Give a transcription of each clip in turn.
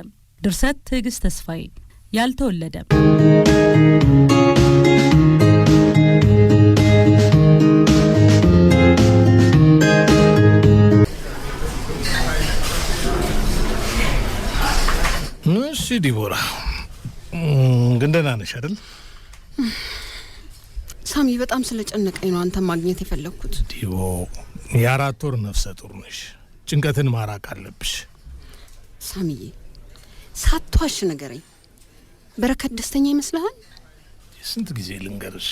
አልተወለደም። ድርሰት ትዕግስት ተስፋዬ። ያልተወለደም እሺ፣ ዲቦራ ግን ደህና ነሽ አይደል? ሳሚ፣ በጣም ስለጨነቀኝ ነው አንተ ማግኘት የፈለግኩት። ዲቦ፣ የአራት ወር ነፍሰ ጡር ነሽ፣ ጭንቀትን ማራቅ አለብሽ። ሳሚዬ ሳቷሽ ንገረኝ። በረከት ደስተኛ ይመስልሃል? የስንት ጊዜ ልንገርሽ፣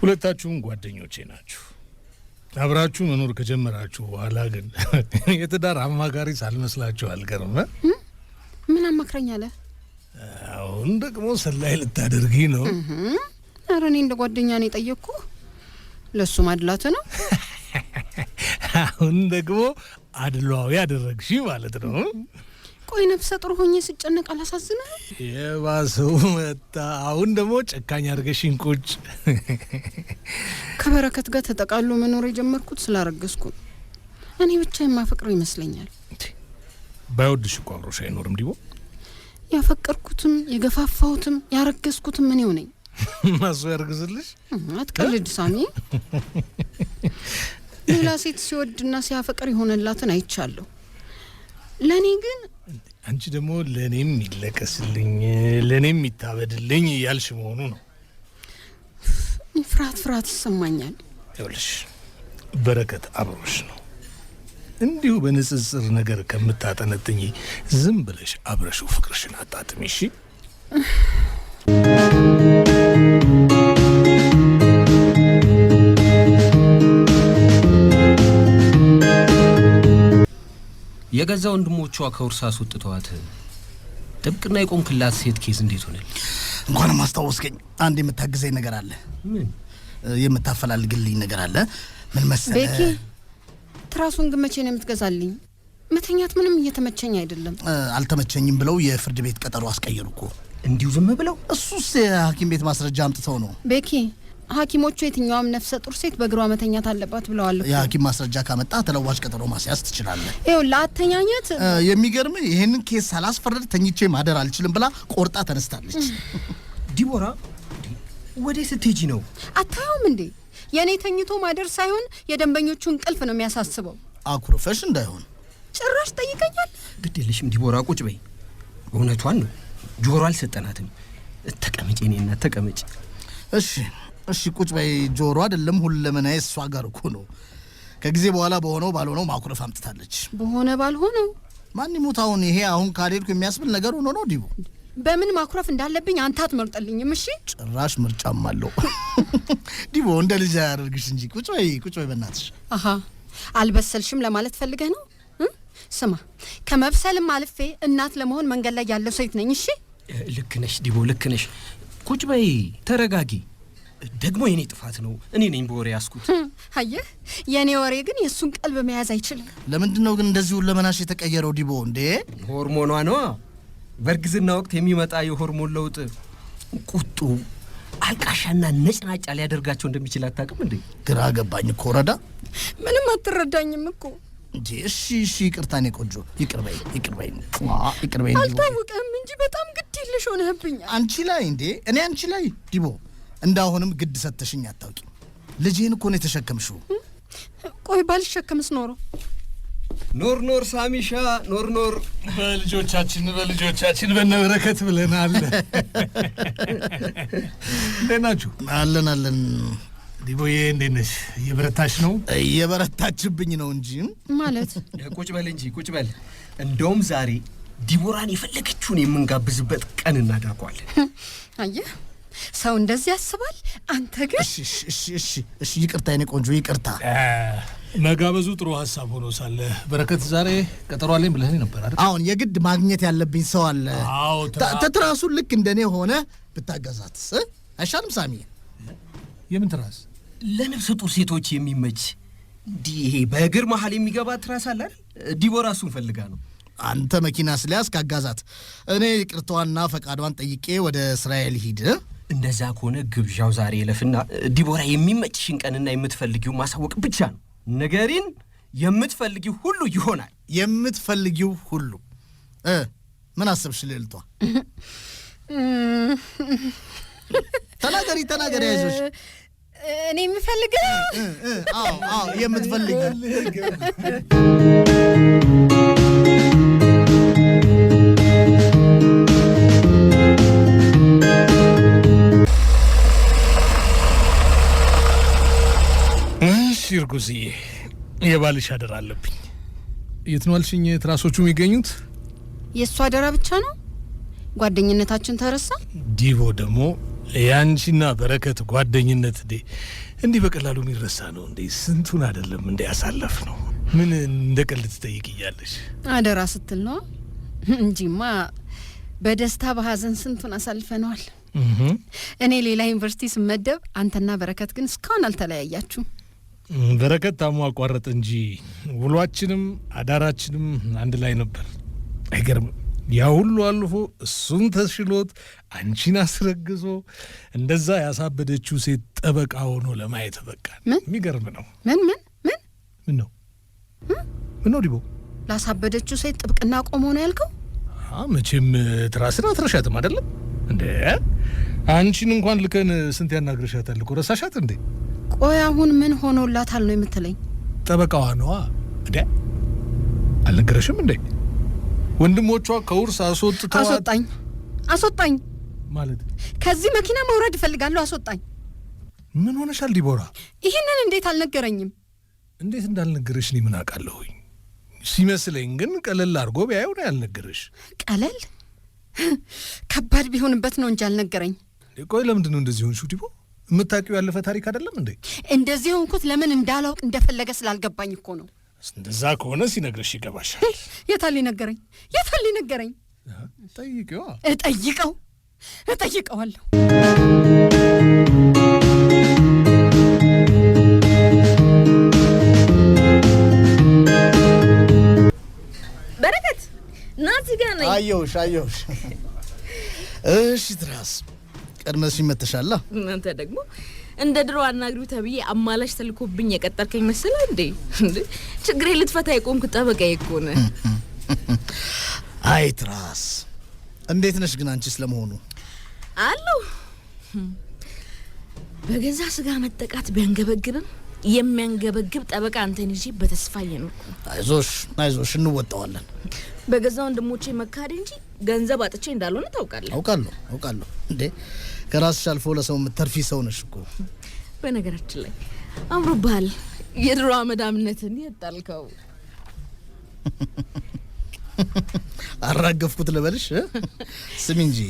ሁለታችሁም ጓደኞቼ ናችሁ። አብራችሁ መኖር ከጀመራችሁ በኋላ ግን የትዳር አማካሪ ሳልመስላችሁ አልቀርም። ምን አማክረኝ አለ? አሁን ደግሞ ሰላይ ልታደርጊ ነው? ኧረ እኔ እንደ ጓደኛ ነው የጠየቅኩ። ለእሱ ማድላት ነው። አሁን ደግሞ አድሏዊ አደረግሽ ማለት ነው። ቆይ ነፍሰ ጡር ሆኜ ስጨነቅ አላሳዝነ? የባሰው መጣ። አሁን ደግሞ ጨካኝ አድርገሽኝ ቁጭ። ከበረከት ጋር ተጠቃሎ መኖር የጀመርኩት ስላረገዝኩ ነው። እኔ ብቻ የማፈቅረው ይመስለኛል። ባይወድሽ እኮ አብሮሽ አይኖርም ዲቦ። ያፈቀርኩትም የገፋፋሁትም ያረገዝኩትም እኔው ነኝ። ማሱ ያርግዝልሽ። አትቀልድ ሳሚ። ሌላ ሴት ሲወድና ሲያፈቅር የሆነላትን አይቻለሁ። ለእኔ ግን አንቺ ደግሞ ለእኔም ይለቀስልኝ ለእኔም ይታበድልኝ እያልሽ መሆኑ ነው። ፍርሃት ፍርሃት ይሰማኛል። ይኸውልሽ በረከት አብሮሽ ነው። እንዲሁ በንጽጽር ነገር ከምታጠነጥኝ ዝም ብለሽ አብረሽው ፍቅርሽን አጣጥሚ እሺ። የገዛ ወንድሞቿ ከእርሳስ ወጥተዋት ጥብቅና የቆምክላት ሴት ኬዝ እንዴት ሆነል? እንኳንም አስታወስከኝ። አንድ የምታግዘኝ ነገር አለ። ምን የምታፈላልግልኝ ነገር አለ? ምን መሰለህ ቤኪ፣ ትራሱን ግን መቼ ነው የምትገዛልኝ? መተኛት ምንም እየተመቸኝ አይደለም። አልተመቸኝም ብለው የፍርድ ቤት ቀጠሮ አስቀየሩ እኮ። እንዲሁ ዝም ብለው? እሱስ የሐኪም ቤት ማስረጃ አምጥተው ነው ቤኪ ሐኪሞቹ የትኛውም ነፍሰ ጡር ሴት በእግሯ መተኛት አለባት ብለዋል። የሐኪም ማስረጃ ካመጣ ተለዋጭ ቀጠሮ ማስያዝ ትችላለህ። ይው ለአተኛኘት የሚገርም ይህንን ኬስ ሳላስፈረድ ተኝቼ ማደር አልችልም ብላ ቆርጣ ተነስታለች። ዲቦራ ወደ ስትሄጂ ነው አታየውም እንዴ? የእኔ ተኝቶ ማደር ሳይሆን የደንበኞቹ እንቅልፍ ነው የሚያሳስበው። አኩርፈሽ እንዳይሆን ጭራሽ ጠይቀኛል። ግድ የለሽም ዲቦራ፣ ቁጭ በይ። እውነቷን ነው ጆሮ አልሰጠናትም። ተቀመጭ፣ እኔና ተቀመጭ። እሺ እሺ ቁጭ በይ ጆሮ አይደለም ሁለመናዬ እሷ ጋር እኮ ነው። ከጊዜ በኋላ በሆነው ባልሆነው ማኩረፍ አምጥታለች። በሆነ ባልሆነው ማን ይሙት አሁን ይሄ አሁን ካልሄድኩ የሚያስብል ነገር ሆኖ ነው ዲቦ በምን ማኩረፍ እንዳለብኝ አንተ አትመርጠልኝም። እሺ ጭራሽ ምርጫም አለው ዲቦ፣ እንደ ልጅ አያደርግሽ እንጂ ቁጭ በይ ቁጭ በይ በእናትሽ። አሀ አልበሰልሽም ለማለት ፈልገህ ነው? ስማ ከመብሰልም አልፌ እናት ለመሆን መንገድ ላይ ያለው ሴት ነኝ። እሺ ልክ ነሽ ዲቦ፣ ልክ ነሽ። ቁጭ በይ ተረጋጊ። ደግሞ የኔ ጥፋት ነው። እኔ ነኝ በወሬ ያስኩት። አየህ፣ የእኔ ወሬ ግን የእሱን ቀልብ መያዝ አይችልም። ለምንድን ነው ግን እንደዚሁ ለመናሽ የተቀየረው? ዲቦ እንዴ ሆርሞኗ ነዋ። በእርግዝና ወቅት የሚመጣ የሆርሞን ለውጥ ቁጡ፣ አልቃሻና ነጭናጫ ሊያደርጋቸው እንደሚችል አታውቅም እንዴ? ግራ ገባኝ እኮ ወረዳ። ምንም አትረዳኝም እኮ እንዴ። እሺ እሺ፣ ይቅርታ እኔ ቆንጆ፣ ይቅርበኝ፣ ይቅርበኝ፣ ይቅርበኝ። አልታወቀም እንጂ በጣም ግድ የለሽ ሆነህብኛል። አንቺ ላይ እንዴ? እኔ አንቺ ላይ ዲቦ እንዳሁንም ግድ ሰተሽኝ አታውቂ። ልጅህን እኮ ነው የተሸከምሽው። ቆይ ባልሸከምስ ኖሮ ኖር ኖር ሳሚሻ ኖር ኖር በልጆቻችን በልጆቻችን በነበረከት ብለናል። እንዴት ናችሁ? አለን አለን። ዲቦዬ እንዴት ነሽ? እየበረታች ነው? እየበረታችብኝ ነው እንጂ ማለት ቁጭ በል እንጂ ቁጭ በል። እንደውም ዛሬ ዲቦራን የፈለገችውን የምንጋብዝበት ቀን እናደርገዋለን። አየህ ሰው እንደዚህ ያስባል። አንተ ግን እሺ፣ ይቅርታ የኔ ቆንጆ ይቅርታ። መጋበዙ ጥሩ ሀሳብ ሆኖ ሳለ በረከት ዛሬ ቀጠሮ አለኝ ብለህ ነበር አይደል? አሁን የግድ ማግኘት ያለብኝ ሰው አለ። ትራሱ ልክ እንደኔ ሆነ ብታገዛት አይሻልም? ሳሚ፣ የምን ትራስ? ለነፍሰ ጡር ሴቶች የሚመች እንዲህ ይሄ በእግር መሀል የሚገባ ትራስ አለ አይደል? ዲቦራ እሱን ፈልጋ ነው። አንተ መኪና ስለያዝክ አጋዛት። እኔ ይቅርታዋንና ፈቃዷን ጠይቄ ወደ እስራኤል ሂድ። እንደዛ ከሆነ ግብዣው ዛሬ የለፍና ዲቦራ የሚመችሽን ቀንና የምትፈልጊው ማሳወቅ ብቻ ነው። ነገሪን የምትፈልጊው ሁሉ ይሆናል። የምትፈልጊው ሁሉ ምን አሰብሽ? ሌልቷ ተናገሪ ተናገሪ፣ አይዞሽ እኔ የምፈልገው አዎ አዎ የምትፈልገው ጉዝዬ፣ የባልሽ አደራ አለብኝ። የት ነው አልሽኝ ትራሶቹ የሚገኙት? የእሱ አደራ ብቻ ነው? ጓደኝነታችን ተረሳ? ዲቦ ደግሞ የአንቺና በረከት ጓደኝነት እንዴ እንዲህ በቀላሉ የሚረሳ ነው እንዴ? ስንቱን አይደለም እንዴ ያሳለፍ ነው። ምን እንደ ቀልድ ትጠይቅኛለሽ? አደራ ስትል ነው እንጂማ በደስታ በሀዘን ስንቱን አሳልፈነዋል። እኔ ሌላ ዩኒቨርሲቲ ስመደብ፣ አንተና በረከት ግን እስካሁን አልተለያያችሁም። በረከት ታሞ አቋረጥ እንጂ ውሏችንም አዳራችንም አንድ ላይ ነበር። አይገርምም? ያ ሁሉ አልፎ እሱን ተሽሎት አንቺን አስረግዞ እንደዛ ያሳበደችው ሴት ጠበቃ ሆኖ ለማየት በቃ የሚገርም ነው። ምን ምን ምን ምን ነው ምን ነው ዲቦ ላሳበደችው ሴት ጥብቅና ቆሞ ነው ያልከው? መቼም ትራስን አትረሻትም አይደለም እንዴ? አንቺን እንኳን ልከን ስንት ያናግረሻታል እኮ ረሳሻት እንዴ? ቆይ አሁን ምን ሆኖላታል ነው የምትለኝ? ጠበቃዋ ነዋ። እንደ አልነገረሽም እንዴ? ወንድሞቿ ከውርስ አስወጥተዋት። አስወጣኝ አስወጣኝ ማለት ከዚህ መኪና መውረድ እፈልጋለሁ። አስወጣኝ። ምን ሆነሻል ዲቦራ? ይህንን እንዴት አልነገረኝም? እንዴት እንዳልነገረሽ እኔ ምን አውቃለሁኝ። ሲመስለኝ ግን ቀለል አድርጎ ቢያየው ነው ያልነገረሽ። ቀለል ከባድ ቢሆንበት ነው እንጂ አልነገረኝ። ቆይ ለምንድን ነው እንደዚህ ሆንሽ ዲቦራ? የምታውቂው ያለፈ ታሪክ አይደለም እንዴ? እንደዚህ ሆንኩት ለምን እንዳላውቅ እንደፈለገ ስላልገባኝ እኮ ነው። እንደዛ ከሆነ ሲነግርሽ ይገባሻል። የታል ነገረኝ? የታል ነገረኝ? ጠይቂዋ። እጠይቀው እጠይቀዋለሁ። በረከት ናቲ ጋር ነኝ። አየሁሽ፣ አየሁሽ። እሺ ትራስ ቀድመሽ ይመተሻላ። እናንተ ደግሞ እንደ ድሮ አናግሪው ተብዬ አማላሽ ተልኮብኝ የቀጠርከኝ መስለ እንዴ? ችግሬ ልትፈታ የቆምክ ጠበቃ የኮነ አይ ትራስ፣ እንዴት ነሽ ግን አንቺስ ለመሆኑ? አለሁ። በገዛ ስጋ መጠቃት ቢያንገበግብም የሚያንገበግብ ጠበቃ አንተን ይዤ በተስፋ እየኖርኩ። አይዞሽ አይዞሽ፣ እንወጣዋለን። በገዛ ወንድሞቼ መካድ እንጂ ገንዘብ አጥቼ እንዳልሆነ ታውቃለህ። አውቃለሁ አውቃለሁ። እንዴ ከራስሽ አልፎ ለሰው የምተርፊ ሰው ነሽ እኮ። በነገራችን ላይ አምሮብሃል። የድሮ አመዳምነትን የጣልከው አራገፍኩት ልበልሽ። ስሚ እንጂ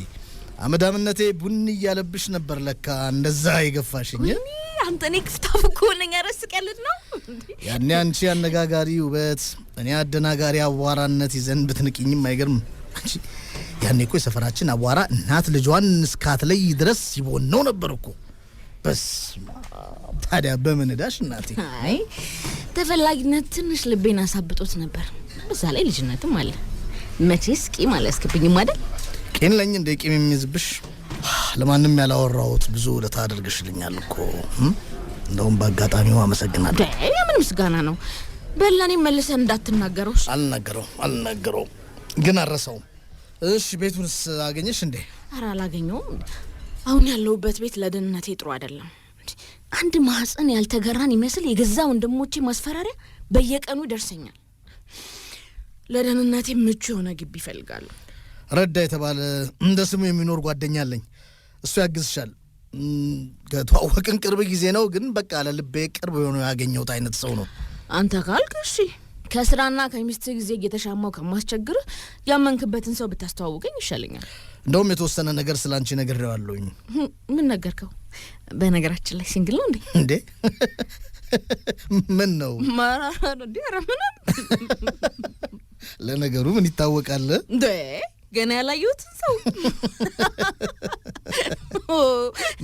አመዳምነቴ ቡን እያለብሽ ነበር ለካ እንደዛ የገፋሽኝ። አንተ እኔ ክፍታፍ እኮ ነኝ። ያረስቅ ያለት ነው ያኔ አንቺ አነጋጋሪ ውበት፣ እኔ አደናጋሪ አዋራነት ይዘን ብትንቅኝም አይገርም ያኔ እኮ የሰፈራችን አቧራ እናት ልጇን እስካት ላይ ድረስ ሲቦን ነው ነበር እኮ። በስመ አብ! ታዲያ በምን እዳሽ እናቴ? አይ ተፈላጊነት ትንሽ ልቤን አሳብጦት ነበር። በዛ ላይ ልጅነትም አለ። መቼስ ቂም አልያዝክብኝም አይደል? ቂም ለኝ እንደ ቂም የሚይዝብሽ ለማንም ያላወራሁት ብዙ ውለታ አድርግሽልኛል እኮ። እንደውም በአጋጣሚው አመሰግናለሁ። የምን ምስጋና ነው? በላኔ መልሰን እንዳትናገረው። አልናገረው አልናገረው፣ ግን አረሰውም እሺ ቤቱንስ አገኘሽ እንዴ? አረ አላገኘውም። አሁን ያለሁበት ቤት ለደህንነቴ ጥሩ አይደለም። አንድ ማህፀን ያልተገራን ይመስል የገዛ ወንድሞቼ ማስፈራሪያ በየቀኑ ይደርሰኛል። ለደህንነቴ ምቹ የሆነ ግቢ ይፈልጋሉ። ረዳ የተባለ እንደ ስሙ የሚኖር ጓደኛ አለኝ። እሱ ያግዝሻል። ከተዋወቅን ቅርብ ጊዜ ነው፣ ግን በቃ ለልቤ ቅርብ የሆነ ያገኘሁት አይነት ሰው ነው። አንተ ካልክ እሺ ከስራና ከሚስት ጊዜ እየተሻማው ከማስቸግር ያመንክበትን ሰው ብታስተዋውቀኝ ይሻለኛል። እንደውም የተወሰነ ነገር ስለ አንቺ ነግሬዋለሁኝ። ምን ነገርከው? በነገራችን ላይ ሲንግል ነው እንዴ? እንዴ ምን ነው ምንም። ለነገሩ ምን ይታወቃል እንዴ? ገና ያላየሁትን ሰው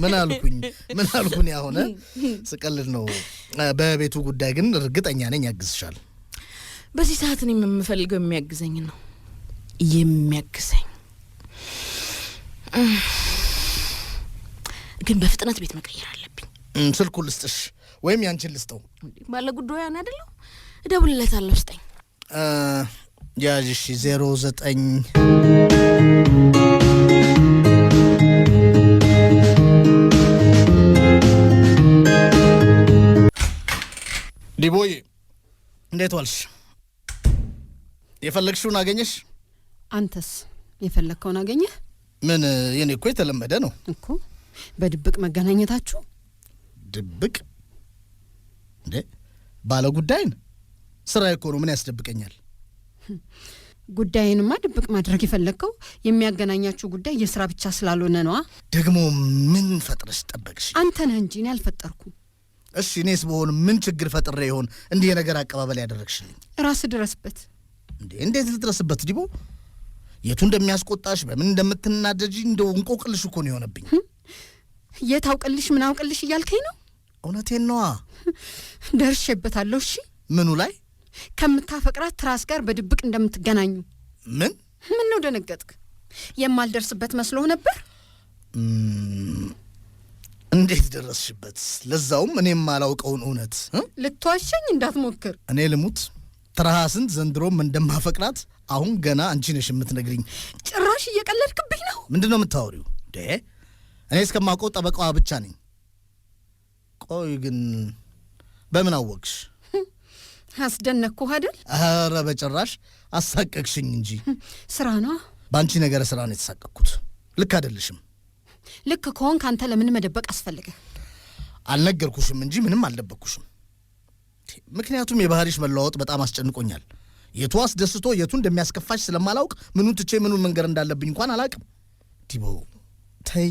ምን አልኩኝ? ምን አልኩኝ? ያሆነ ስቀልድ ነው። በቤቱ ጉዳይ ግን እርግጠኛ ነኝ ያግዝሻል። በዚህ ሰዓት እኔም የምፈልገው የሚያግዘኝ ነው። የሚያግዘኝ ግን በፍጥነት ቤት መቀየር አለብኝ። ስልኩ ልስጥሽ ወይም ያንቺን ልስጠው? ባለ ጉዳያን አይደለሁ። እደውልለታለሁ። ስጠኝ። ያዥሽ ዜሮ ዘጠኝ ዲቦዬ እንዴት ዋልሽ? የፈለግሽውን አገኘሽ? አንተስ የፈለግከውን አገኘህ? ምን የኔ እኮ የተለመደ ነው እኮ። በድብቅ መገናኘታችሁ ድብቅ እንዴ? ባለ ጉዳይን ስራ እኮ ነው። ምን ያስደብቀኛል? ጉዳይንማ ድብቅ ማድረግ የፈለግከው የሚያገናኛችሁ ጉዳይ የስራ ብቻ ስላልሆነ ነዋ። ደግሞ ምን ፈጥረሽ ጠበቅሽ? አንተ ነህ እንጂ እኔ አልፈጠርኩም። እሺ እኔስ በሆን ምን ችግር ፈጥሬ ይሆን እንዲህ የነገር አቀባበል ያደረግሽልኝ? ራስ ድረስበት። እንዴት ልድረስበት ዲቦ? የቱ እንደሚያስቆጣሽ በምን እንደምትናደጂ እንደው እንቆቅልሽ እኮ ነው የሆነብኝ። የት አውቅልሽ ምን አውቅልሽ እያልከኝ ነው? እውነቴን ነዋ። ደርሼበታለሁ። እሺ፣ ምኑ ላይ? ከምታፈቅራት ትራስ ጋር በድብቅ እንደምትገናኙ። ምን ምን ነው ደነገጥክ? የማልደርስበት መስሎ ነበር። እንዴት ደረስሽበት? ለዛውም እኔ የማላውቀውን እውነት። ልትዋሸኝ እንዳትሞክር። እኔ ልሙት ተረሃ ስንት ዘንድሮም እንደማፈቅራት አሁን ገና አንቺ ነሽ የምትነግሪኝ። ጭራሽ እየቀለድክብኝ ነው። ምንድን ነው የምታወሪው? እኔ እስከማውቀው ጠበቃዋ ብቻ ነኝ። ቆይ ግን በምን አወቅሽ? አስደነቅኩ አይደል? ኧረ በጭራሽ አሳቀቅሽኝ እንጂ። ስራ ነው በአንቺ ነገር ስራ ነው የተሳቀቅኩት። ልክ አይደለሽም። ልክ ከሆን ከአንተ ለምን መደበቅ አስፈልገ? አልነገርኩሽም እንጂ ምንም አልደበቅኩሽም። ምክንያቱም የባህሪሽ መለዋወጥ በጣም አስጨንቆኛል። የቱ አስደስቶ የቱ እንደሚያስከፋሽ ስለማላውቅ ምኑን ትቼ ምኑን መንገር እንዳለብኝ እንኳን አላቅም። ዲቦ ተይ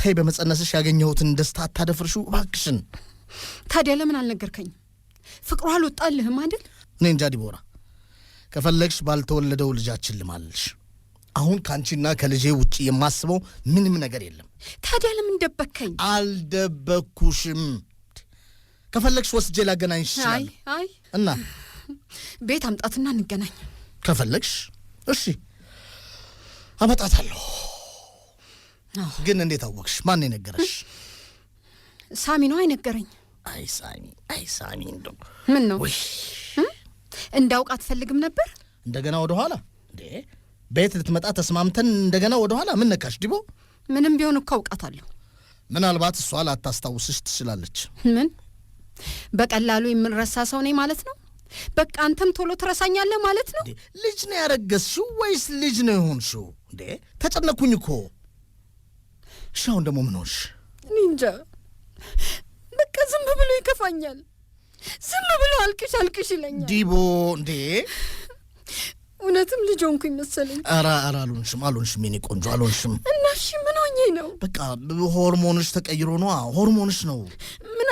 ተይ፣ በመጸነስሽ ያገኘሁትን ደስታ አታደፍርሹ እባክሽን። ታዲያ ለምን አልነገርከኝም? ፍቅሩ አልወጣልህም አይደል? እኔ እንጃ ዲቦራ፣ ከፈለግሽ ባልተወለደው ልጃችን ልማልሽ። አሁን ከአንቺና ከልጄ ውጭ የማስበው ምንም ነገር የለም። ታዲያ ለምን ደበከኝ? አልደበኩሽም። ከፈለግሽ ወስጄ ላገናኝ ይችላል። አይ እና ቤት አምጣትና እንገናኝ። ከፈለግሽ እሺ አመጣታለሁ። ግን እንዴት አወቅሽ? ማን የነገረሽ? ሳሚ ነው አይነገረኝ። አይ ሳሚ፣ አይ ሳሚ፣ እንደው ምን ነው እንዳውቅ አትፈልግም ነበር? እንደገና ወደ ኋላ እንዴ? ቤት ልትመጣ ተስማምተን እንደገና ወደ ኋላ ምን ነካሽ ዲቦ? ምንም ቢሆን እኮ አውቃታለሁ። ምናልባት እሷ ላታስታውስሽ ትችላለች። ምን በቀላሉ የምንረሳ ሰው ነኝ ማለት ነው? በቃ አንተም ቶሎ ትረሳኛለህ ማለት ነው? ልጅ ነው ያረገዝሽው ወይስ ልጅ ነው የሆንሽው? እንዴ ተጨነኩኝ እኮ። እሺ አሁን ደግሞ ምን ሆንሽ? እኔ እንጃ። በቃ ዝም ብሎ ይከፋኛል። ዝም ብሎ አልቅሽ አልቅሽ ይለኛል። ዲቦ እንዴ እውነትም ልጅ ሆንኩኝ መሰለኝ። ኧረ ኧረ አልሆንሽም፣ አልሆንሽም ቆንጆ አልሆንሽም። እና እሺ ምን ሆኜ ነው? በቃ ሆርሞንሽ ተቀይሮ ነዋ። ሆርሞንሽ ነው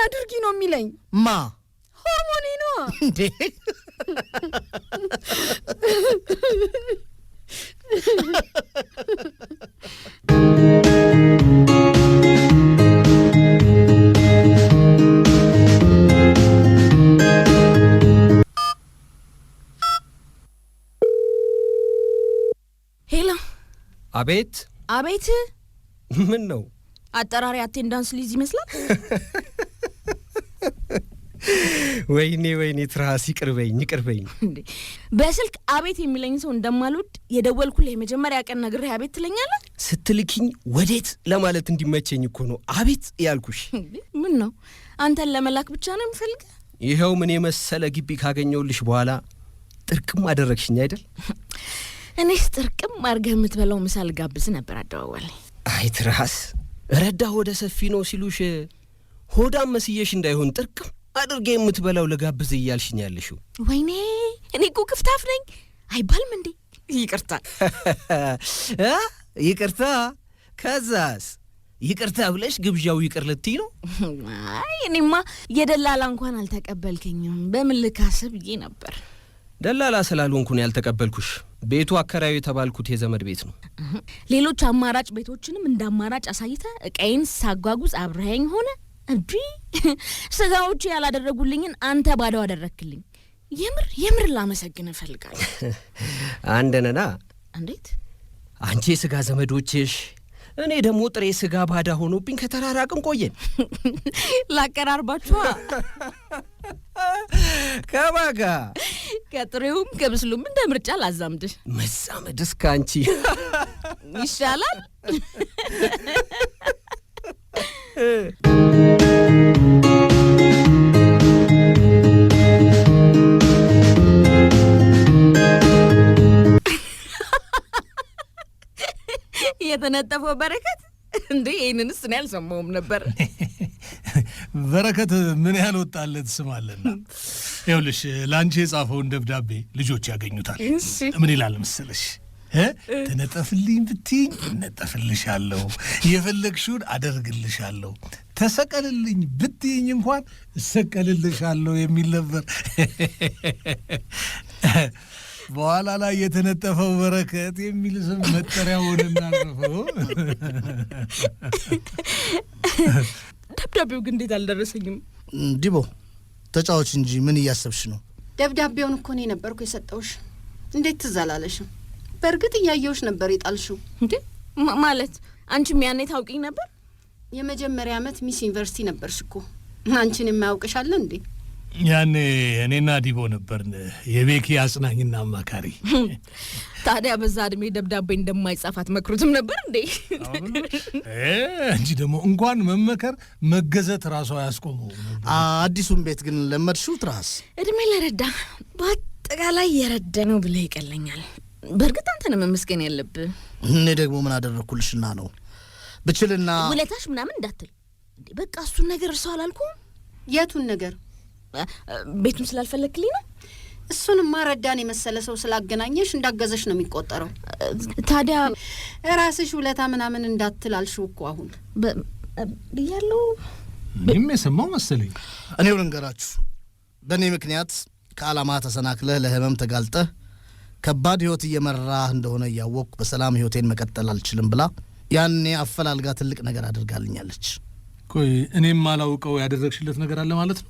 አድርጊ ነው የሚለኝ። ማ ሆርሞኔ ነው እንዴ! ሄሎ። አቤት። አቤት። ምን ነው አጠራሪ አቴንዳንስ ሊዝ ይመስላል። ወይኔ ወይኔ ትርሃስ ይቅርበኝ ይቅርበኝ። በስልክ አቤት የሚለኝ ሰው እንደማልወድ የደወልኩልህ የመጀመሪያ ቀን ነግሬህ አቤት ትለኛለህ ስትልኪኝ ወዴት ለማለት እንዲመቸኝ እኮ ነው አቤት ያልኩሽ። ምን ነው አንተን ለመላክ ብቻ ነው የምፈልገ? ይኸው ምን የመሰለ ግቢ ካገኘሁልሽ በኋላ ጥርቅም አደረግሽኝ አይደል? እኔስ ጥርቅም አድርገህ የምትበላው ምሳል ጋብዝ ነበር አደዋዋል። አይ ረዳ ሆደ ሰፊ ነው ሲሉሽ ሆዳም መስየሽ እንዳይሆን ጥርቅም አድርጌ የምትበላው ለጋብዝ እያልሽኝ ያለሽው? ወይኔ እኔ እኮ ክፍታፍ ነኝ አይባልም እንዴ? ይቅርታ ይቅርታ። ከዛስ ይቅርታ ብለሽ ግብዣው ይቅር ልትይ ነው? አይ እኔማ የደላላ እንኳን አልተቀበልከኝም። በምን ልካስህ ብዬ ነበር። ደላላ ስላልሆንኩን ያልተቀበልኩሽ ቤቱ አከራዩ የተባልኩት የዘመድ ቤት ነው። ሌሎች አማራጭ ቤቶችንም እንደ አማራጭ አሳይተ እቃዬን ሳጓጉዝ አብረኸኝ ሆነ እንዲ ስጋዎቹ ያላደረጉልኝን አንተ ባዶ አደረክልኝ። የምር የምር ላመሰግን እፈልጋለሁ። ነና እንዴት አንቺ የስጋ ዘመዶችሽ፣ እኔ ደግሞ ጥሬ ስጋ ባዳ ሆኖብኝ ከተራራቅን ቆየን። ላቀራርባችኋ ከባጋ ከጥሬውም ከብስሉም እንደ ምርጫ ላዛምድ መዛመድ እስከ አንቺ ይሻላል። የተነጠፈው በረከት እንዴ! ይህንን ስን ያልሰማውም ነበር። በረከት ምን ያህል ወጣለት ስማለና፣ ይኸውልሽ ለአንቺ የጻፈውን ደብዳቤ ልጆች ያገኙታል። ምን ይላል መሰለሽ ተነጠፍልኝ ብትይኝ እነጠፍልሻለሁ፣ የፈለግሽውን አደርግልሻለሁ፣ ተሰቀልልኝ ብትይኝ እንኳን እሰቀልልሻለሁ የሚል ነበር። በኋላ ላይ የተነጠፈው በረከት የሚል ስም መጠሪያ ሆነ። እናረፈው ደብዳቤው ግን እንዴት አልደረሰኝም? ዲቦ ተጫዋች እንጂ ምን እያሰብሽ ነው? ደብዳቤውን እኮ እኔ ነበርኩ የሰጠውሽ። እንዴት ትዝ አላለሽም? በእርግጥ እያየሁሽ ነበር የጣልሽው። እንዴ ማለት አንቺም ያኔ ታውቂኝ ነበር? የመጀመሪያ ዓመት ሚስ ዩኒቨርሲቲ ነበርሽ እኮ አንቺን የማያውቅሽ አለ እንዴ? ያኔ እኔና ዲቦ ነበርን የቤኪ አጽናኝና አማካሪ። ታዲያ በዛ እድሜ ደብዳቤ እንደማይጻፋት መክሩትም ነበር እንዴ? እንጂ ደግሞ እንኳን መመከር መገዘት ራሷ ያስቆሙ። አዲሱን ቤት ግን ለመድሹ ትራስ እድሜ ለረዳ በአጠቃላይ የረደ ነው ብለ ይቀለኛል። በእርግጥ አንተን መመስገን ያለብህ። እኔ ደግሞ ምን አደረግኩልሽና ነው? ብችልና ውለታሽ ምናምን እንዳትል በቃ እሱን ነገር እርሰው አላልኩም። የቱን ነገር? ቤቱን ስላልፈለግክልኝ ነው። እሱንማ ማረዳን የመሰለ ሰው ስላገናኘሽ እንዳገዘሽ ነው የሚቆጠረው። ታዲያ ራስሽ ውለታ ምናምን እንዳትል አልሽው እኮ አሁን ብያለሁ። ይህም የሰማው መሰለኝ። እኔው ልንገራችሁ፣ በእኔ ምክንያት ከዓላማ ተሰናክለህ ለህመም ተጋልጠህ ከባድ ህይወት እየመራ እንደሆነ እያወቅኩ በሰላም ህይወቴን መቀጠል አልችልም ብላ ያኔ አፈላልጋ ትልቅ ነገር አድርጋልኛለች። ቆይ እኔም ማላውቀው ያደረግሽለት ነገር አለ ማለት ነው?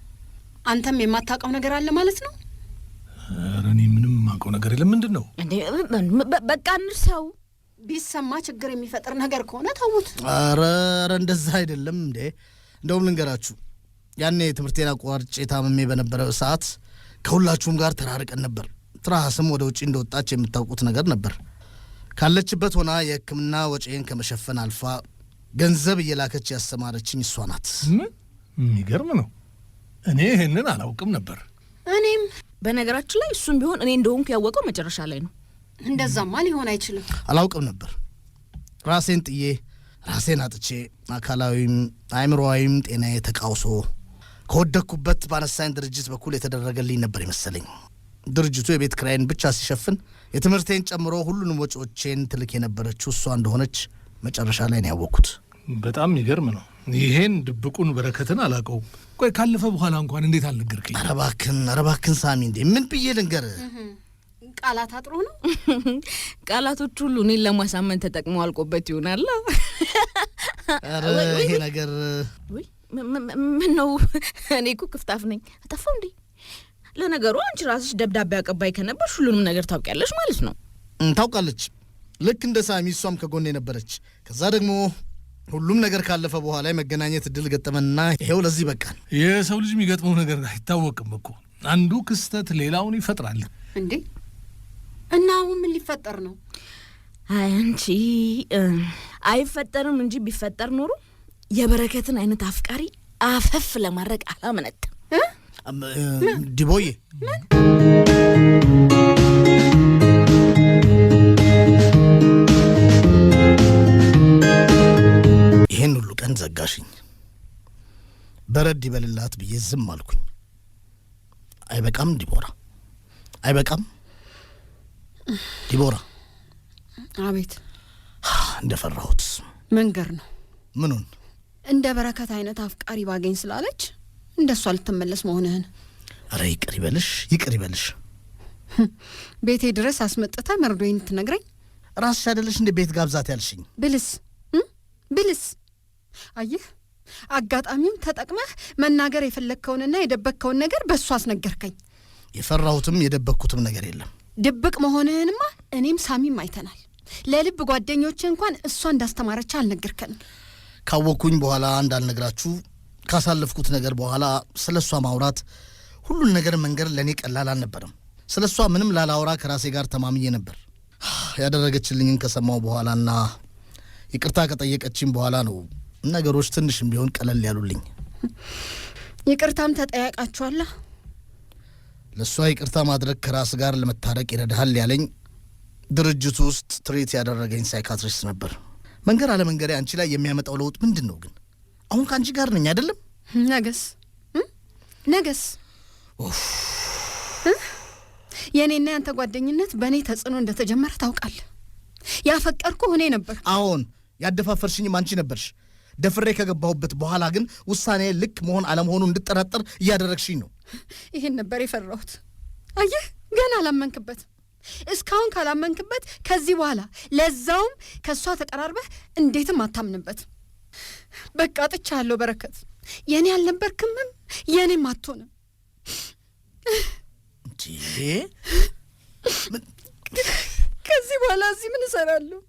አንተም የማታውቀው ነገር አለ ማለት ነው? ኧረ እኔ ምንም የማውቀው ነገር የለም። ምንድን ነው በቃ እንርሳው። ቢሰማ ችግር የሚፈጥር ነገር ከሆነ ተዉት። ኧረ ኧረ እንደዛ አይደለም እንዴ። እንደውም ልንገራችሁ፣ ያኔ ትምህርቴን አቋርጬ ታምሜ በነበረ ሰዓት ከሁላችሁም ጋር ተራርቀን ነበር። ኤርትራ ስም ወደ ውጭ እንደወጣች የምታውቁት ነገር ነበር። ካለችበት ሆና የሕክምና ወጪን ከመሸፈን አልፋ ገንዘብ እየላከች ያሰማረችኝ እሷ ናት። የሚገርም ነው። እኔ ይህንን አላውቅም ነበር። እኔም በነገራችን ላይ እሱም ቢሆን እኔ እንደሆንኩ ያወቀው መጨረሻ ላይ ነው። እንደዛማ ሊሆን አይችልም። አላውቅም ነበር። ራሴን ጥዬ ራሴን አጥቼ አካላዊም አእምሮዊም ጤናዬ ተቃውሶ ከወደኩበት በአነሳኝ ድርጅት በኩል የተደረገልኝ ነበር የመሰለኝ። ድርጅቱ የቤት ክራይን ብቻ ሲሸፍን የትምህርቴን ጨምሮ ሁሉንም ወጪዎቼን ትልክ የነበረችው እሷ እንደሆነች መጨረሻ ላይ ነው ያወቅኩት። በጣም ይገርም ነው። ይሄን ድብቁን በረከትን አላውቀውም። ቆይ ካለፈ በኋላ እንኳን እንዴት አልነገርከኝ? ኧረ እባክህን፣ ኧረ እባክህን ሳሚ፣ እንዴ ምን ብዬ ልንገር? ቃላት አጥሮ ነው። ቃላቶች ሁሉ እኔን ለማሳመን ተጠቅመው አልቆበት ይሆናል። ይሄ ነገር ምን ነው? እኔ እኮ ክፍታፍ ነኝ። አጠፋው እንዴ ለነገሩ አንቺ ራስሽ ደብዳቤ አቀባይ ከነበርሽ ሁሉንም ነገር ታውቂያለሽ ማለት ነው። ታውቃለች፣ ልክ እንደ ሳሚ እሷም ከጎን የነበረች። ከዛ ደግሞ ሁሉም ነገር ካለፈ በኋላ የመገናኘት እድል ገጠመንና ይሄው ለዚህ በቃል። የሰው ልጅ የሚገጥመው ነገር አይታወቅም እኮ አንዱ ክስተት ሌላውን ይፈጥራል። እንዴ እና አሁን ምን ሊፈጠር ነው? አይ አንቺ አይፈጠርም እንጂ ቢፈጠር ኖሮ የበረከትን አይነት አፍቃሪ አፈፍ ለማድረግ አላመነትም። ዲቦዬ ይህን ሁሉ ቀን ዘጋሽኝ። በረድ ይበልላት ብዬ ዝም አልኩኝ። አይበቃም ዲቦራ፣ አይበቃም ዲቦራ። አቤት። እንደፈራሁት ፈራሁት መንገር ነው። ምኑን? እንደ በረከት አይነት አፍቃሪ ባገኝ ስላለች እንደሷ ልትመለስ መሆንህን። አረ ይቅር ይበልሽ፣ ይቅር ይበልሽ። ቤቴ ድረስ አስመጥተ መርዶ ትነግረኝ ራስሽ አይደለሽ እንደ ቤት ጋብዛት ያልሽኝ? ብልስ ብልስ። አየህ፣ አጋጣሚውን ተጠቅመህ መናገር የፈለግከውንና የደበቅከውን ነገር በእሱ አስነገርከኝ። የፈራሁትም የደበቅኩትም ነገር የለም። ድብቅ መሆንህንማ እኔም ሳሚም አይተናል። ለልብ ጓደኞች እንኳን እሷ እንዳስተማረች አልነገርከንም። ካወቅኩኝ በኋላ እንዳልነግራችሁ ካሳለፍኩት ነገር በኋላ ስለ እሷ ማውራት ሁሉን ነገር መንገድ ለእኔ ቀላል አልነበረም። ስለ እሷ ምንም ላላውራ ከራሴ ጋር ተማምዬ ነበር። ያደረገችልኝን ከሰማው በኋላና ይቅርታ ከጠየቀችኝ በኋላ ነው ነገሮች ትንሽም ቢሆን ቀለል ያሉልኝ። ይቅርታም ተጠያቃችኋላ? ለእሷ ይቅርታ ማድረግ ከራስ ጋር ለመታረቅ ይረዳሃል ያለኝ ድርጅቱ ውስጥ ትሬት ያደረገኝ ሳይካትሪስት ነበር። መንገር አለመንገዴ አንቺ ላይ የሚያመጣው ለውጥ ምንድን ነው ግን? አሁን ከአንቺ ጋር ነኝ አይደለም? ነገስ ነገስ የእኔና ያንተ ጓደኝነት በእኔ ተጽዕኖ እንደተጀመረ ታውቃለህ። ያፈቀርኩ እኔ ነበር። አዎን፣ ያደፋፈርሽኝም አንቺ ነበርሽ። ደፍሬ ከገባሁበት በኋላ ግን ውሳኔ ልክ መሆን አለመሆኑ እንድጠራጠር እያደረግሽኝ ነው። ይህን ነበር የፈራሁት። አየህ፣ ገና አላመንክበትም። እስካሁን ካላመንክበት ከዚህ በኋላ ለዛውም ከእሷ ተቀራርበህ እንዴትም አታምንበት በቃ ጥቻለሁ በረከት። የእኔ አልነበርክምም የእኔም አትሆንም። ከዚህ በኋላ እዚህ ምን እሰራለሁ?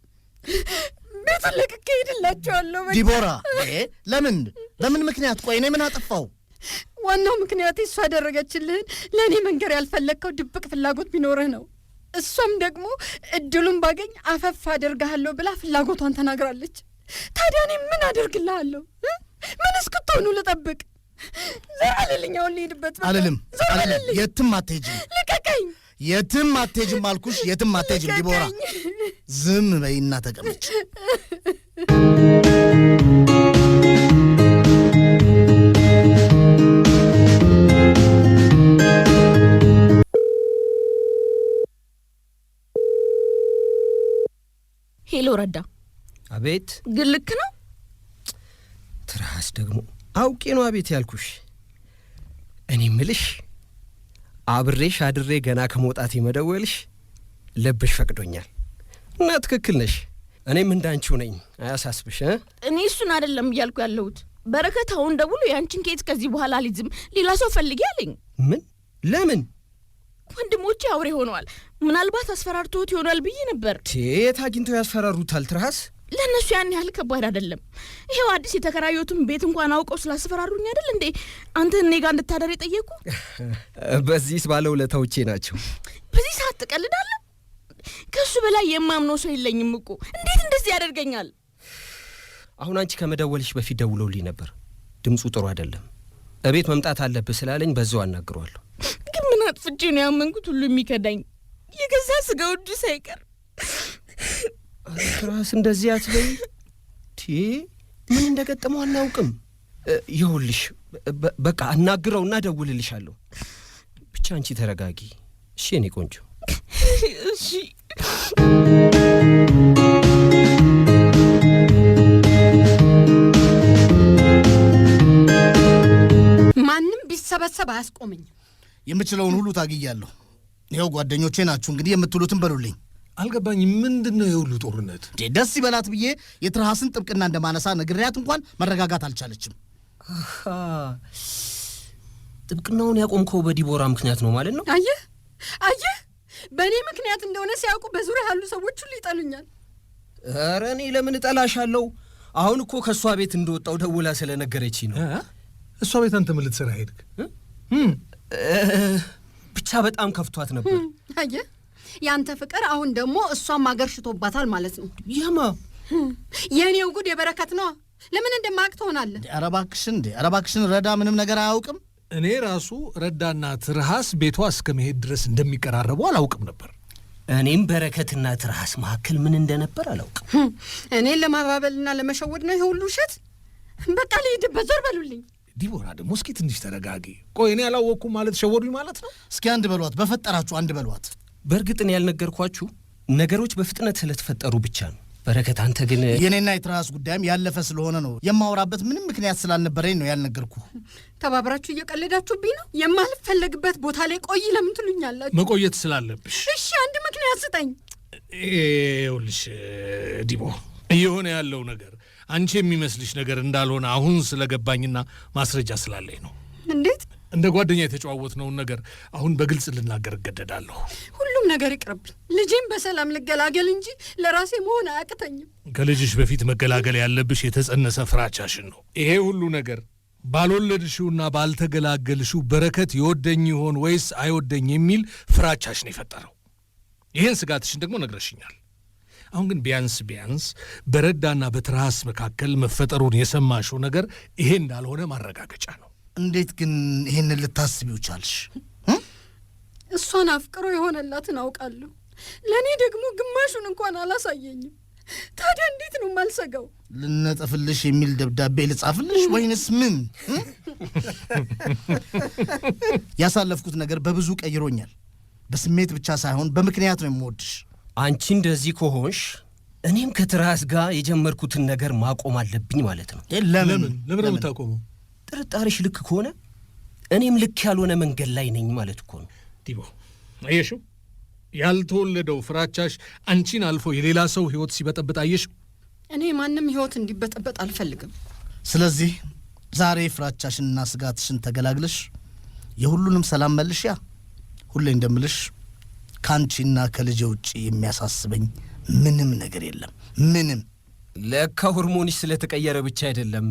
ቤቱን ለቅቄ ሄድላቸዋለሁ። ዲቦራ፣ ለምን በምን ምክንያት? ቆይ እኔ ምን አጠፋው? ዋናው ምክንያት እሷ ያደረገችልህን ለእኔ መንገር ያልፈለግከው ድብቅ ፍላጎት ቢኖርህ ነው። እሷም ደግሞ እድሉን ባገኝ አፈፍ አደርግሃለሁ ብላ ፍላጎቷን ተናግራለች። ታዲያ እኔ ምን አደርግልሃለሁ? ምን እስክትሆኑ ልጠብቅ? ዞር አልልኝ። አሁን ልሄድበት አልልም። ዞር የትም አትሄጂም አልኩሽ። የትም አትሄጂም። ዲቦራ ዝም በይና ተቀመጭ። ሄሎ ረዳ አቤት። ግን ልክ ነው። ትራስ ደግሞ አውቄ ነው አቤት ያልኩሽ። እኔ ምልሽ አብሬሽ አድሬ ገና ከመውጣት የመደወልሽ ልብሽ ፈቅዶኛል እና ትክክል ነሽ። እኔም እንዳንቺው ነኝ፣ አያሳስብሽ። እኔ እሱን አይደለም እያልኩ ያለሁት። በረከት አሁን ደውሎ ያንቺን ኬት ከዚህ በኋላ አልይዝም፣ ሌላ ሰው ፈልጊ አለኝ። ምን? ለምን? ወንድሞቼ አውሬ ሆነዋል። ምናልባት አስፈራርቶት ይሆናል ብዬ ነበር። ቴት አግኝተው ያስፈራሩታል? ትርሃስ ለእነሱ ያን ያህል ከባድ አይደለም። ይሄው አዲስ የተከራየሁትን ቤት እንኳን አውቀው ስላስፈራሩኝ አይደል እንዴ አንተ እኔ ጋር እንድታደር የጠየቁ? በዚህ ባለውለታዎቼ ናቸው። በዚህ ሰዓት ትቀልዳለ ከእሱ በላይ የማምነው ሰው የለኝም እኮ። እንዴት እንደዚህ ያደርገኛል? አሁን አንቺ ከመደወልሽ በፊት ደውለውልኝ ነበር። ድምፁ ጥሩ አይደለም። እቤት መምጣት አለብህ ስላለኝ በዛው አናግረዋለሁ። ግን ምን አጥፍቼ ነው ያመንኩት ሁሉ የሚከዳኝ የገዛ ስጋ ውዱ ሳይቀር ራስ እንደዚህ አትበይ። ምን እንደገጠመው አናውቅም። ይኸውልሽ በቃ አናግረው ደውልልሽ ደውልልሻለሁ። ብቻ አንቺ ተረጋጊ እሺ? ቆንጆ እሺ። ማንም ቢሰበሰብ አያስቆመኝም። የምችለውን ሁሉ ታግያለሁ። ይኸው ጓደኞቼ ናችሁ እንግዲህ የምትሉትን በሉልኝ። አልገባኝም። ምንድን ነው የሁሉ ጦርነት? ደስ ይበላት ብዬ የትርሃስን ጥብቅና እንደማነሳ ነግሬያት እንኳን መረጋጋት አልቻለችም። ጥብቅናውን ያቆምከው በዲቦራ ምክንያት ነው ማለት ነው? አየህ አየህ፣ በእኔ ምክንያት እንደሆነ ሲያውቁ በዙሪያ ያሉ ሰዎች ሁሉ ይጠሉኛል። ኧረ እኔ ለምን እጠላሻለሁ? አሁን እኮ ከእሷ ቤት እንደወጣው ደውላ ስለነገረች ነው። እሷ ቤት አንተ ምን ልትሰራ ሄድክ? ብቻ በጣም ከፍቷት ነበር። አየህ ያንተ ፍቅር አሁን ደግሞ እሷም አገር ሽቶባታል ማለት ነው። የማ የእኔው ጉድ የበረከት ነው። ለምን እንደማያውቅ ትሆናለህ? ኧረ እባክሽን እንዴ! ኧረ እባክሽን ረዳ ምንም ነገር አያውቅም። እኔ ራሱ ረዳና ትርሃስ ቤቷ እስከ መሄድ ድረስ እንደሚቀራረቡ አላውቅም ነበር። እኔም በረከትና ትርሃስ መካከል ምን እንደነበር አላውቅም። እኔን ለማባበልና ለመሸወድ ነው የሁሉ ውሸት። በቃ ልሂድበት፣ ዞር በሉልኝ። ዲቦራ ደግሞ እስኪ ትንሽ ተረጋጊ። ቆይ እኔ አላወቅኩም ማለት ሸወዱኝ ማለት ነው። እስኪ አንድ በሏት፣ በፈጠራችሁ አንድ በሏት። በእርግጥን ያልነገርኳችሁ ነገሮች በፍጥነት ስለተፈጠሩ ብቻ ነው። በረከት አንተ ግን የኔና የትራስ ጉዳይም ያለፈ ስለሆነ ነው የማወራበት ምንም ምክንያት ስላልነበረኝ ነው ያልነገርኩ። ተባብራችሁ እየቀለዳችሁብኝ ነው። የማልፈለግበት ቦታ ላይ ቆይ ለምን ትሉኛላችሁ? መቆየት ስላለብሽ። እሺ አንድ ምክንያት ስጠኝ። ይኸውልሽ ዲቦ፣ እየሆነ ያለው ነገር አንቺ የሚመስልሽ ነገር እንዳልሆነ አሁን ስለገባኝና ማስረጃ ስላለኝ ነው። እንዴት እንደ ጓደኛ የተጨዋወት ነውን ነገር አሁን በግልጽ ልናገር እገደዳለሁ። ሁሉም ነገር ይቅርብኝ፣ ልጄም በሰላም ልገላገል እንጂ ለራሴ መሆን አያቅተኝም። ከልጅሽ በፊት መገላገል ያለብሽ የተጸነሰ ፍራቻሽን ነው። ይሄ ሁሉ ነገር ባልወለድሽውና ባልተገላገልሽው በረከት ይወደኝ ይሆን ወይስ አይወደኝ የሚል ፍራቻሽን የፈጠረው ይህን ስጋትሽን ደግሞ ነግረሽኛል። አሁን ግን ቢያንስ ቢያንስ በረዳና በትርሃስ መካከል መፈጠሩን የሰማሽው ነገር ይሄ እንዳልሆነ ማረጋገጫ ነው። እንዴት ግን ይህንን ልታስቢው ቻልሽ? እሷን አፍቅሮ የሆነላትን አውቃለሁ። ለእኔ ደግሞ ግማሹን እንኳን አላሳየኝም። ታዲያ እንዴት ነው የማልሰጋው? ልነጠፍልሽ የሚል ደብዳቤ ልጻፍልሽ ወይንስ ምን? ያሳለፍኩት ነገር በብዙ ቀይሮኛል። በስሜት ብቻ ሳይሆን በምክንያት ነው የምወድሽ። አንቺ እንደዚህ ከሆንሽ እኔም ከትራስ ጋር የጀመርኩትን ነገር ማቆም አለብኝ ማለት ነው። ለምን ለምን ለምን የምታቆመው? ጥርጣሬሽ ልክ ከሆነ እኔም ልክ ያልሆነ መንገድ ላይ ነኝ ማለት እኮ ነው። ዲቦ አየሽው፣ ያልተወለደው ፍራቻሽ አንቺን አልፎ የሌላ ሰው ህይወት ሲበጠብጥ አየሽው። እኔ ማንም ህይወት እንዲበጠበጥ አልፈልግም። ስለዚህ ዛሬ ፍራቻሽንና ስጋትሽን ተገላግለሽ የሁሉንም ሰላም መልሽ። ያ ሁሌ እንደምልሽ ከአንቺና ከልጄ ውጭ የሚያሳስበኝ ምንም ነገር የለም። ምንም ለካ ሆርሞኒሽ ስለተቀየረ ብቻ አይደለም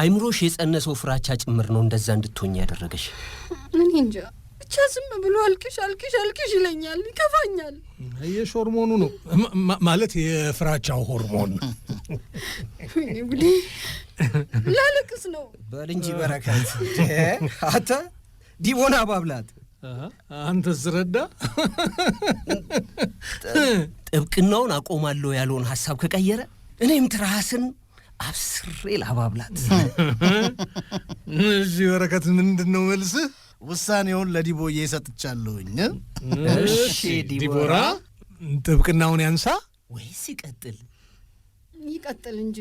አይምሮሽ የጸነሰው ፍራቻ ጭምር ነው እንደዛ እንድትሆኝ ያደረገሽ። እኔ እንጃ ብቻ ዝም ብሎ አልቅሽ አልቅሽ አልቅሽ ይለኛል፣ ይከፋኛል። አየሽ፣ ሆርሞኑ ነው ማለት የፍራቻው ሆርሞን። ላለቅስ ነው በል እንጂ በረከት። አንተ ዲቦና ባብላት አንተ ስረዳ ጥብቅናውን አቆማለሁ ያለውን ሀሳብ ከቀየረ እኔም ትራስን አብስሬ ላባብላት። እሺ በረከት፣ ምንድን ነው መልስህ? ውሳኔውን ለዲቦዬ ሰጥቻለሁኝ። እሺ ዲቦራ፣ ጥብቅናውን ያንሳ ወይስ ይቀጥል? ይቀጥል እንጂ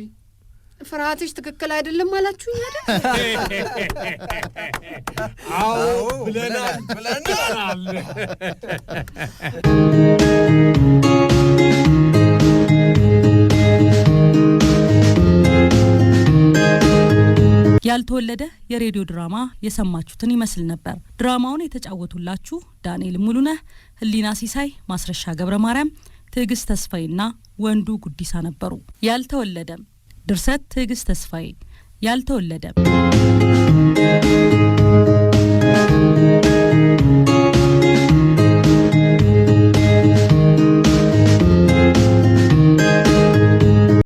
ፍርሃትሽ ትክክል አይደለም አላችሁኝ አዎ ብለናል ብለናል። ያልተወለደ የሬዲዮ ድራማ የሰማችሁትን ይመስል ነበር። ድራማውን የተጫወቱላችሁ ዳንኤል ሙሉነህ፣ ህሊና ሲሳይ፣ ማስረሻ ገብረ ማርያም፣ ትዕግስት ተስፋዬና ወንዱ ጉዲሳ ነበሩ። ያልተወለደም ድርሰት ትዕግስት ተስፋዬ ያልተወለደም